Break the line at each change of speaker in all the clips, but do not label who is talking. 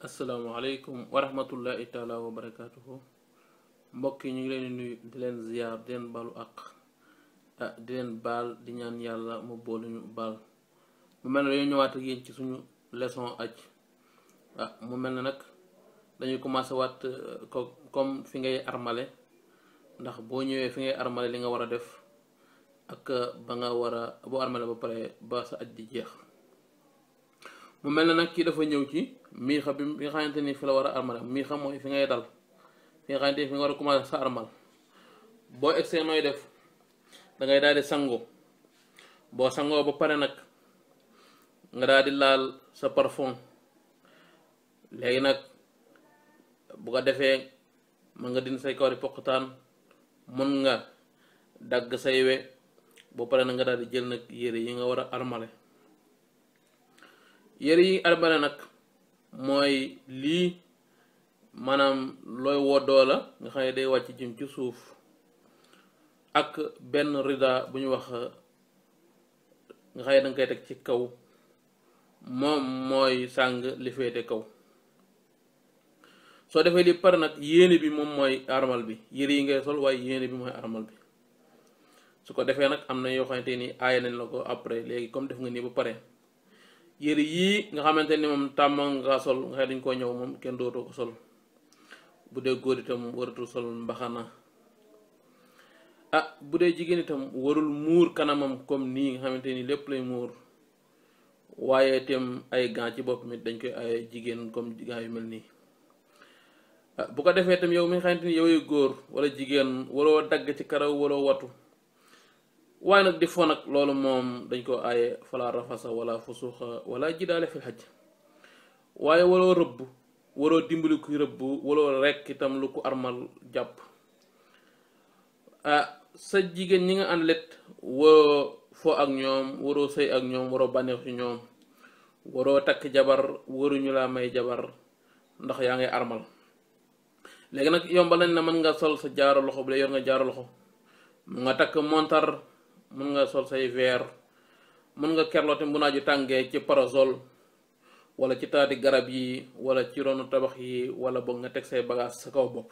asalaamaaleykum wa rahmatullahi taala wa barakaatuhu mbokk yi ñu ngi leen di nuyu di leen ziyaar di leen balu ak di leen baal di ñaan yàlla mu boole ñu baal mu mel ne dañu ñëwaat ak ci suñu leson aj ah mu mel ne nag dañuy commencé waat euh, comme fi ngay armale ndax boo ñëwee fi ngay armale li nga war a def ak euh, ba nga war a boo armale ba pare ba sa aj di jeex mu mel ne nag kii dafa ñëw ci miixa bi nga xamante ni fi la war a armal miixa mooy fi ngay dal fi nga xamante ni fi nga war a commencé sa armal boo egsee nooy def dangay daal di sango boo sangoo ba pare nag nga daal laal sa parfum léegi nag bu ko defee mën nga dindi say kawari poqtaan mën nga dagg say boo pare nag nga daal di jël nag yére yi nga war a armale yëre yi arbana nag mooy lii maanaam looy woddoo la nga xam ne day wàcc jëm ci suuf ak benn rida bu ñu wax nga xam ne danga koy teg ci kaw moom mooy sàng li féete kaw soo defee li par nag yéene bi moom mooy armal bi yére yi ngay sol waaye yéene bi mooy armal bi su ko defee nag am na yoo xamante ni aaya nañ la ko après léegi comme def nga nii ba pare yére yii nga xamante ni moom tàmma nga sol nga xam dañ koo ñëw moom kenn dootoo ko sol bu dee góor itam waratul sol mbaxana ah bu dee jigéen itam warul muur kanamam comme nii nga xamante ni lépp lay muur waaye itam ay gants ci bopp mi dañ koy ay jigéen comme gants yu mel nii ah, bu ko defee tam yow mi nga xamante ni yow góor wala jigéen waroo dagg ci karaw waroo watu waaye nag di fo nag loolu moom dañ koo aaye fala rafasa wala fusuuxa wala jidaale fil xaj waaye waloo rëbb waroo dimbali kuy rëbb waloo rekk itam lu ko armal jàpp ah sa jigéen ñi nga ànd let waroo fo ak ñoom waroo sëy ak ñoom waroo bànneex ci ñoom waroo takk jabar waruñu laa may jabar ndax yaa ngay armal léegi nag yombal nañ na mën nga sol sa jaaro loxo bu dee yor nga jaaro loxo mu nga takk montar mun nga sol say verre mun nga kerloote bu naaju tàngee ci parasol wala ci taati garab yi wala ci ronu tabax yi wala boog nga teg say bagage sa kaw bopp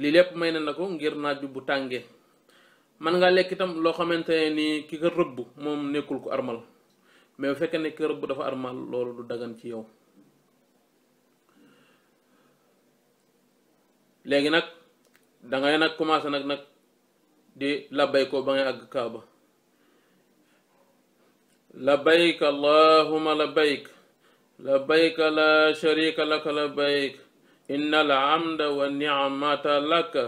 lii lépp may na na ko ngir naaj bu tàngee man nga lekk itam loo xamante ne ni ki ko rëbb moom nekkul ko armal mais bu fekkee ne ki rëbb dafa armal loolu du dagan ci yow léegi nag dangay nag commencé nag nag di labbay ko ba ngay àgg kaaba labbayk allahuma labbayk labbayk la sharika laka labbayk inna al amda wa niamata laka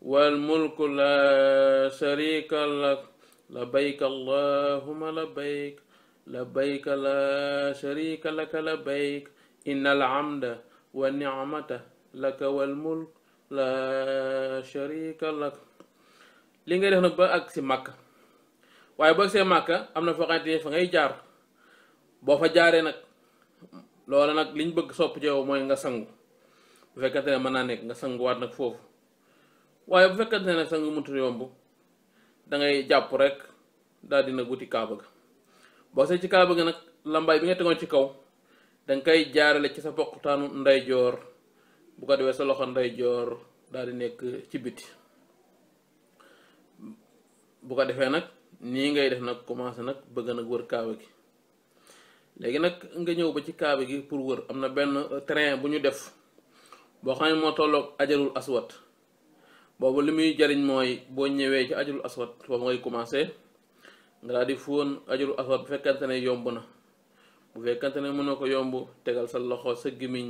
wal mulku la sharika lak labbayk allahuma labbayk labbayk la sharika laka labbayk inna al amda wa niamata laka wal mulk la sharika lak li ngay def nag ba ak si màkka waaye boo agsee màkka am na foo xamante fa ngay jaar boo fa jaaree nag loola nag liñ bëgg sopp ci mooy nga sangu bu fekkante ne mën naa nekk nga sanguwaat nag foofu waaye bu fekkante ne sangu mëntu yomb dangay jàpp rek daal dina guti kaaba ga boo see ci kaaba ga nag lambaay bi nga tegoon ci kaw danga koy jaarale ci sa poqutaanu ndeyjoor bu ko defee sa loxo ndeyjoor dal di nekk ci biti bu ko defee nag nii ngay def nag commencé nag bëgg nag wër kaaba gi léegi nag nga ñëw ba ci kaaba gi pour wër am na benn euh, train bu ñu def boo xam ne moo tolloog ajarul aswat boobu li muy jariñ mooy boo ñëwee ci ajarul aswat foofu ngay commencé nga daal di fóon ajarul aswat bu fekkante ne yomb na bu fekkante ne mën na ko yomb tegal sa loxo sa gémmiñ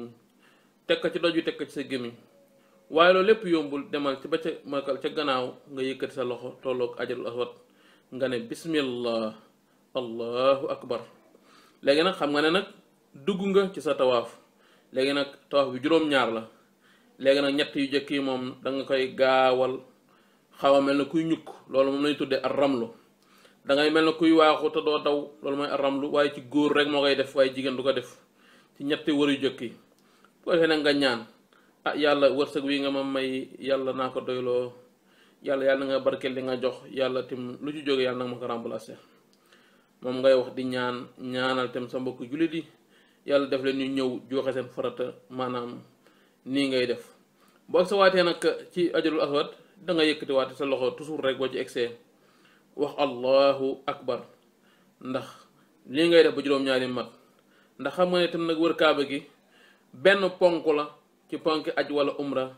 teg ko ci doj bi teg ko ci sa gémmiñ waaye loolu lépp yombul demal ci ba ca makal ca gannaaw nga yëkkati sa loxo tolloog ajarul aswad nga ne bismillah allahu akbar léegi nag xam nga ne nag dugg nga ci sa tawaaf léegi nag tawaaf bi juróom-ñaar la léegi nag ñett yu jëkk yi moom danga koy gaawal xaw a mel na kuy ñukk loolu moom lañu tuddee ak ramlu dangay mel na kuy waaxu te doo daw loolu mooy ar ramlu waaye ci góor rek moo koy def waaye jigéen du ko def ci ñetti wër yu jëkk yi bu ko nga ñaan ah yàlla wërsëg wi nga ma may yàlla naa ko doyloo yàlla yàlla nga barkeel li nga jox yàlla tim lu ci jóge yàlla na ma ko remplacer moom ngay wax di ñaan ñaanal tam sa mbokk jullit yi yàlla def leen ñu ñëw joxe seen farata maanaam nii ngay def boo ak waatee nag ci ajarul aswad da nga yëkkati waate sa loxo toujours rek boo ci egsee wax allahu akbar ndax lii ngay def ba juróom-ñaari mat ndax xam nga ne tam nag wër kaaba gi benn ponk la ci ponk aj wala umra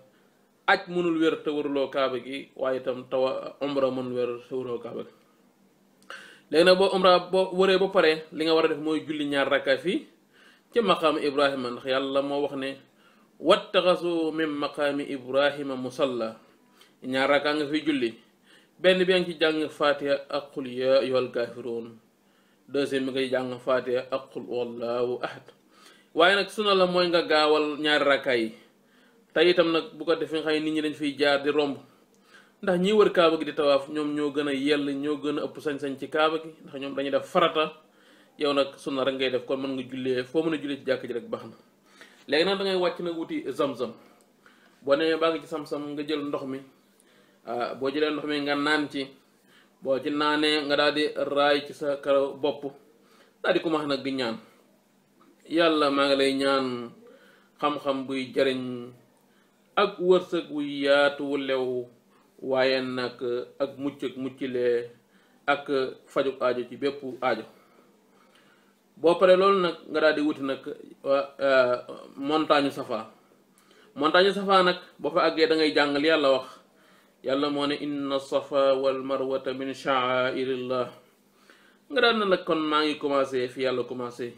aj mënul wér te wëruloo kaaba gi waaye itam tawa umra mënul wér te wëruloo kaaba gi léegi nag boo umra boo wëree ba pare li nga war a def mooy julli ñaar rakka fii ci maqaam ibrahima ndax yàlla moo wax ne wattaxasu min maqaami ibrahima musalla ñaar rakka nga fi julli benn bi nga ci jàng fatiha ak qul ya ayyuhal kaafiruun deuxième bi nga jàng fatiha ak qul wallahu ahad waaye nag suna la mooy nga gaawal ñaari rakka yi tey itam nag bu ko defee nga xam nit ñi dañ fiy jaar di romb ndax ñi wër kaaba gi di tawaaf ñoom ñoo gën a yell ñoo gën a ëpp sañ-sañ ci kaaba gi ndax ñoom dañuy def farata yow nag sunna rek ngay def kon mën nga jullee foo mën a jullee ci jàkk ji rek baax léegi nag da ngay wàcc nag wuti zam boo nee baa ngi sam-sam nga jël ndox mi ah, boo jëlee ndox mi nga naan ci boo ci naanee nga daal di raay ci sa karaw bopp daal di commencé nag di ñaan yàlla maa ngi lay ñaan xam-xam buy jariñ ak wërsëg wu yaatu wu lew waaye nag ak mucc ak muccilee ak fajuk ajo ci bépp aajo boo paree loolu nag nga daal di wuti nag euh, montagne safa montagne safa nag boo fa àggee da ngay jàngal yàlla wax yàlla moo ne inna safa wal marwata min sha'airillah nga daan nag kon maa ngi commencé fi yàlla commencé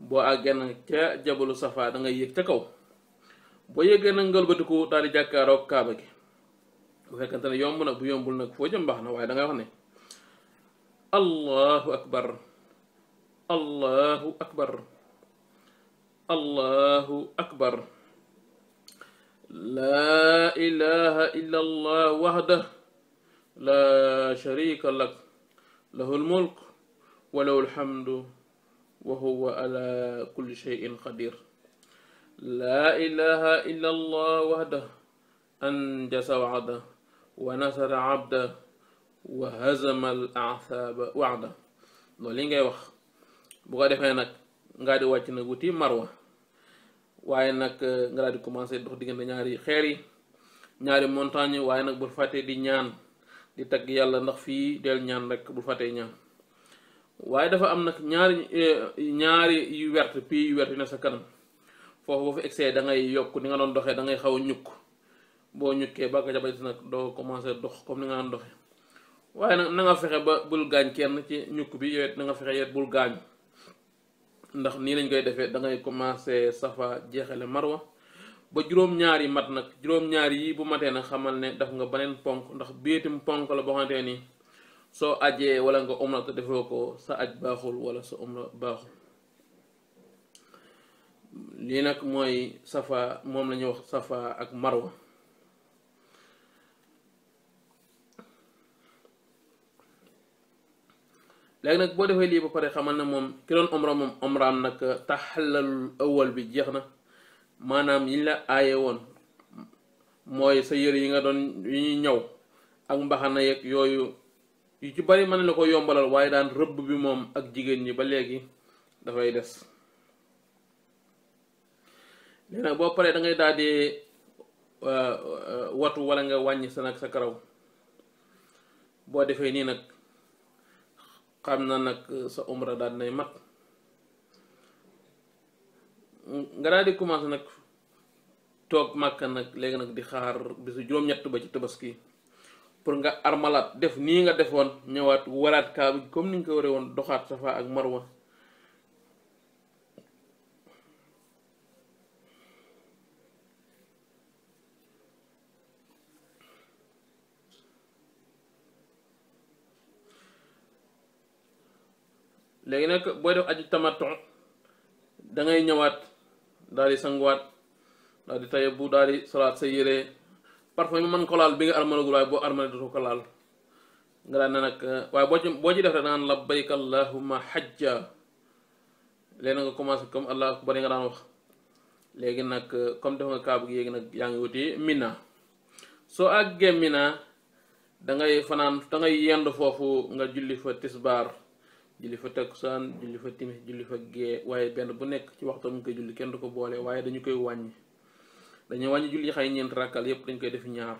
boo àggee nag ca jabalu safa da ngay yëg ca kaw boo yeggee nag ngalbatiku daal di jàkkaaroog kaaba gi bu fekkante yomb na bu yombul na foo jëm baax na waaye da ngay wax ne allahu akbar laa ilaha illa allah laa sharika lahu lmulk wa lahu lhamdu wa huwa ala kulli لا إله إلا الله وحده أنجز وعده ونصر عبده وهزم الأعثاب وعده loolu li ngay wax boo ko defee nag nga di wàcc nag wuti marwa waaye nag eh, nga daal di commencé dox diggante ñaari xeer yi ñaari montagne waaye nag bu fàttee di ñaan di tagg yàlla ndax fii del ñaan rek bul fàttee ñaan waaye dafa am nag ñaari eh, ñaari yu wert pii wert yu ne sa kanam foofu boo fi excès da ngay yokk ni nga doon doxee dangay xaw a ñukk boo ñukkee ba ko jabay nag doo commencé dox comme ni nga doon doxee waaye nag na fexe ba bul gaañ kenn ci ñukk bi yowet fexe yowet bul gaañ nii lañ koy defee da ngay commencé safa jeexale marwa ba juróom-ñaar yi mat nag juróom-ñaar yi bu matee nag xamal ne daf nga beneen ponk ndax biitim ponk la boo nii soo ajee wala nga umra te defoo ko sa aj baaxul wala sa umra baaxul lii nag mooy safa moom la wax safa ak marwa léegi nag boo defee lii ba pare xamal na moom ki doon omra moom omraam nag euh, taxalalul awal bi jeex na maanaam yiñ la aaye woon mooy sa yére yi nga doon yi ñuy ñëw ak mbaxana yeeg yooyu yu ci bari mën la ko yombalal waaye daan rëbb bi moom ak jigéen ñi ba léegi dafay des nee na boo paree da ngay daal di uh, uh, watu wala nga wàññi sa nag sa karaw boo defee nii nag xam na nag sa umra daal nay mat nga daal di commencé nag toog màkka nag léegi nag di xaar bisu juróom-ñett ba ci tabaski pour nga armalaat def nii nga defoon ñëwaat waraat kaa bi comme ni nga ko waree woon doxaat safa ak marwa léegi nag booy def aju tamattu dangay ñëwaat daal di sanguwaat daal di taye bu daal di solaat sa yére parfum yi man ko laal bi nga armalagul waaye boo armale doo ko laal nga daan nag waaye boo ci boo ci def rek danaan labbayk allahumma hajja léegi nga commencé comme allah akbar nga daan wax léegi nag comme def nga kaab gi yéegi nag yaa ngi wuti mina soo àggee mina da ngay fanaan dangay ngay yend foofu nga julli fa tisbaar julli fa takkusaan julli fa timis julli fa gee waaye benn bu nekk ci waxtu mu koy julli kenn du ko boole waaye dañu koy wàññi dañuy wàññi julli xay ñeent ràkkal yépp dañ koy def ñaar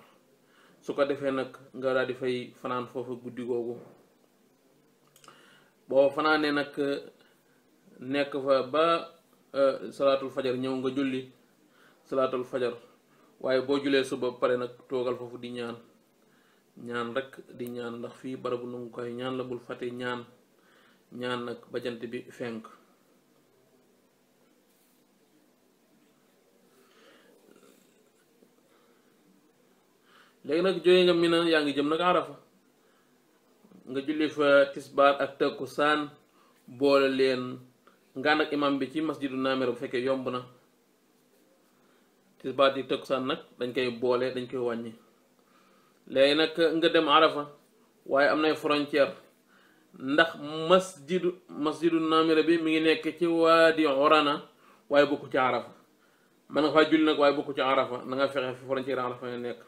su ko defee nag nga daal di fay fanaan foofu guddi googu boo fanaanee nag nekk fa ba euh, salaatul fajar ñëw nga julli salaatul fajar waaye boo julee suba pare nag toogal foofu di ñaan ñaan rek di ñaan ndax fii barabu nangu koy ñaan la bul fàtte ñaan ñaan nag ba jant bi fenk léegi nag jóge nga Mina yaa ngi jëm nag Arafa nga julli fa tisbaar ak saan boole leen ngaan ak imam bi ci masjidu Namira bu fekkee yomb na tisbaar di takkusaan nag dañ koy boole dañ koy wàññi léegi nag nga dem Arafa waaye am nay frontière ndax masjidu masjidu namira bi mi ngi nekk ci waadi orana waaye bokku ci arafa man nga faa julli nag waaye bokku ci arafa na fexe fi frontière arafa ne nekk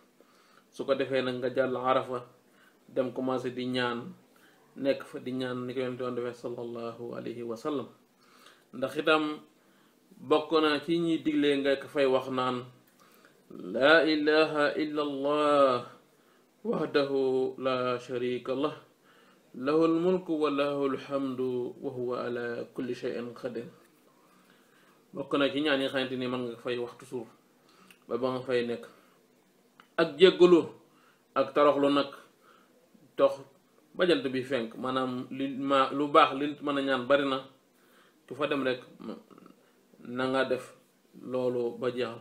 su ko defee nag nga jàll arafa dem commencé di ñaan nekk fa di ñaan ni ko yonent woon defee sallallahu alayhi wa sallam ndax itam bokk na ci ñi diglee nga ko fay wax naan laa ilaha illa allah sharika lah lahu lmulku wa lahu lhamdu wa huwa ala kulli shay'in qadir bokk na ci ñaan yi xamante ni mën nga fay waxtu suuf ba ba nga fay nekk ak jéggalu ak toroxlu nag tox ba bi fenk maanaam li ma lu baax li mën a ñaan bari na ku fa dem rek na def loolu ba jeexal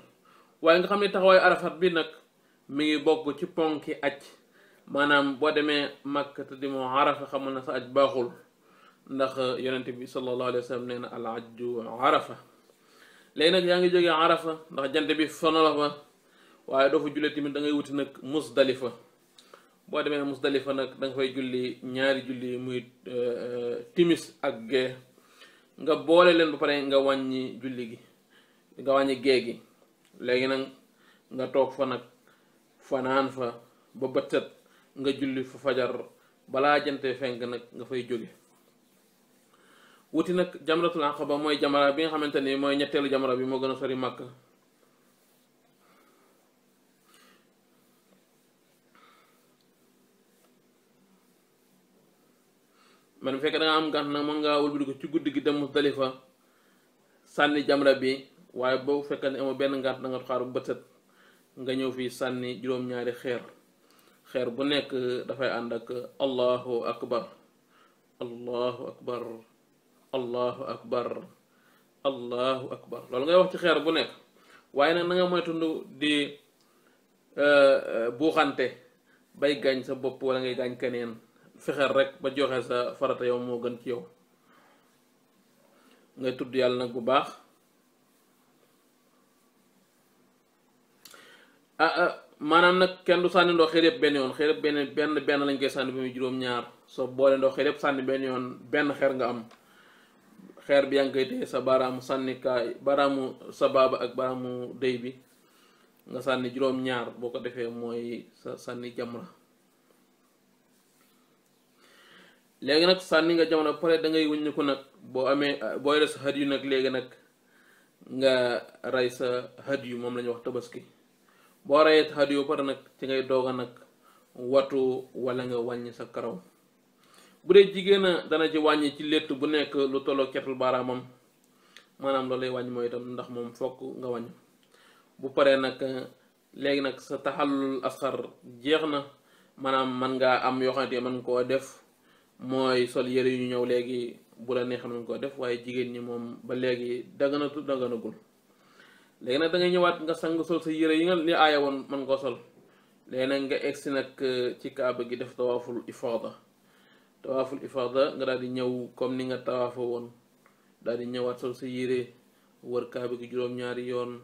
waaye nga xam ne taxawaay arafat bi nag mi ngi bokk ci ponki aj maanaam boo demee Makka te dimoo arafa na sa aj baaxul ndax yonent bi sallallahu alayhi wa sallam na al ajju arafa léegi nag yaa ngi jógee arafa ndax jant bi sono la fa waaye doo fa jullee tamit da ngay wuti nag musdalifa boo demee musdalifa nag danga nga fay julli ñaari julli muy eh, eh, timis ak gee nga boole leen ba pare nga wàññi julli gi nga wàññi gee gi léegi nag nga toog fa nag fanaan fa ba bëtët nga julli fa fajar balaa jante fenk nag nga fay jóge wuti nag jamratul ba mooy jamara bi nga xamante ni mooy ñetteelu jamara bi moo gën a sori Màkka man fekk da am gàtt nag mën ngaa wëlbati ko ci guddi gi dem Musdalifa sànni jamra bi waaye boo fekkee ne amoo benn gàtt da nga xaaru bët nga ñëw fii sànni juróom-ñaari xeer xeer bu nekk dafay ànd ak allahu akbar allahu akbar allahu akbar allahu loolu ngay wax ci xeer bu nekk waaye nag na nga moytund di eh, eh, buuxante bay gaañ sa bopp wala ngay gaañ keneen fexeel rek ba joxe sa farata yow moo gën ci yow ngay tudd yàlla nag bu baax Ah, ah, maanaam nag kenn du sànni ndox xëy benn yoon xëy benn benn benn lañ koy sànni ba muy juróom-ñaar soo boole ndox xëy sànni benn yoon benn xeer nga am xeer bi yaa ngi koy téye sa baaraamu sànnikaay baraamu sa baaba ak baaraamu dëy bi nga sànni juróom-ñaar boo ko defee mooy sa sànni jamra léegi nag sànni nga jamono pare da ngay wëññi ko nag boo amee boo des sa hëd yu nag léegi nag nga rey sa hëd yu moom la wax tabaski boo rayee hadi yu pare nag ci ngay doog nag watu walla nga wàññi sa karaw bu dee jigéen a dana ji wàññi ci létt bu nekk lu tolloo cetul baaraamam maanaam loolu lay wàññ mooy itam ndax moom fokk nga wàññi bu paree nag léegi nag sa taxalul asar jeex na maanaam man ngaa am yoo xamante man koo def mooy sol yëre yu ñëw léegi bu la neex man koo def waaye jigéen ñi moom ba léegi daganatu daganagul léegi nag dangay ñëwaat nga sang sol sa yére yi nga li aaya woon man koo sol léegi nag nga egsi nag euh, ci kaaba gi def tawaaful ifaada tawaaful ifaada nga daal di ñëw comme ni nga tawaafa woon daal di ñëwaat sol sa yére wër kaaba gi juróom-ñaari yoon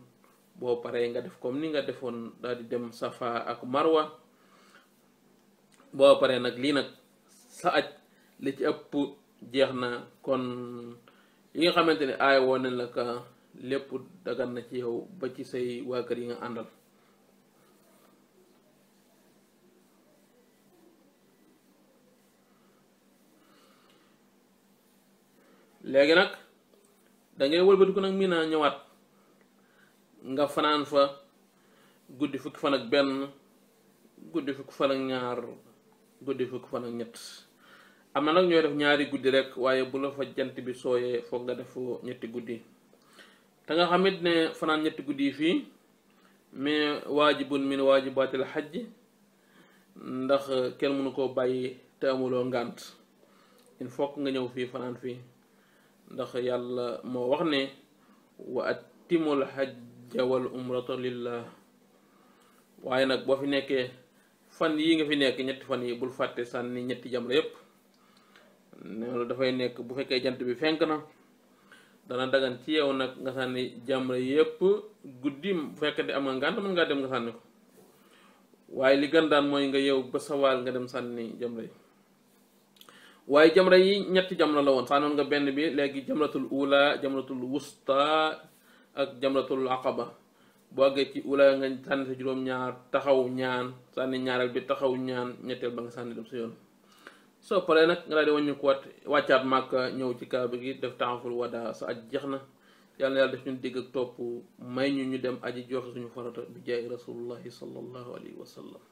boo paree nga def comme ni nga defoon daal di dem safa ak marwa boo paree nag lii nag sa aj li ci ëpp jeex na kon yi nga xamante ne aaya woon nañ la ka lépp dagan na ci yow ba ci say waa kër yi nga àndal léegi nag dangay wëlbatiku nag Mina ñëwaat nga fanaan fa guddi fukki fan ak benn guddi fukki fan ak ñaar guddi fukki fan ak ñett am na nag ñooy def ñaari guddi rekk waaye bu la fa jant bi sooyee foog nga def ñetti guddi tanga nga xamit ne fanaan ñetti guddi fii mais waajibun min waajibaatil xajj ndax kenn mënu koo bàyyi te amuloo ngànt il faut nga ñëw fii fanaan fii ndax yàlla moo wax ne wa attimul xajja wal umrata lillah waaye nag boo fi nekkee fan yi nga fi nekk ñetti fan yi bul fàtte sànni ñetti jamra yépp loolu dafay nekk bu fekkee jant bi fenk na dana dagan ci yow nag nga sànni jamra yépp guddi bu fekkee am nga ngànt mën ngaa dem nga sànni ko waaye li gën daan mooy nga yow ba sawaal nga dem sànni jamra yi waaye jamra yi ñetti jamra la woon sànnoon nga benn bi léegi jamratul ula jamratul wusta ak jamratul aqaba boo àggee ci ula nga sànni sa juróom-ñaar taxaw ñaan sànni ñaareel bi taxaw ñaan ñetteel ba nga sànni dem sa yoon soo paree nag nga daal di wàññi ko wàccaat màkk ñëw ci kaaba gi def taxawul wadaa sa aj jeex na yàlla na yàlla def ñun dégg ak topp may ñu ñu dem aji joxe suñu farata bi jaay rasulullahi sallallahu alayhi wa sallam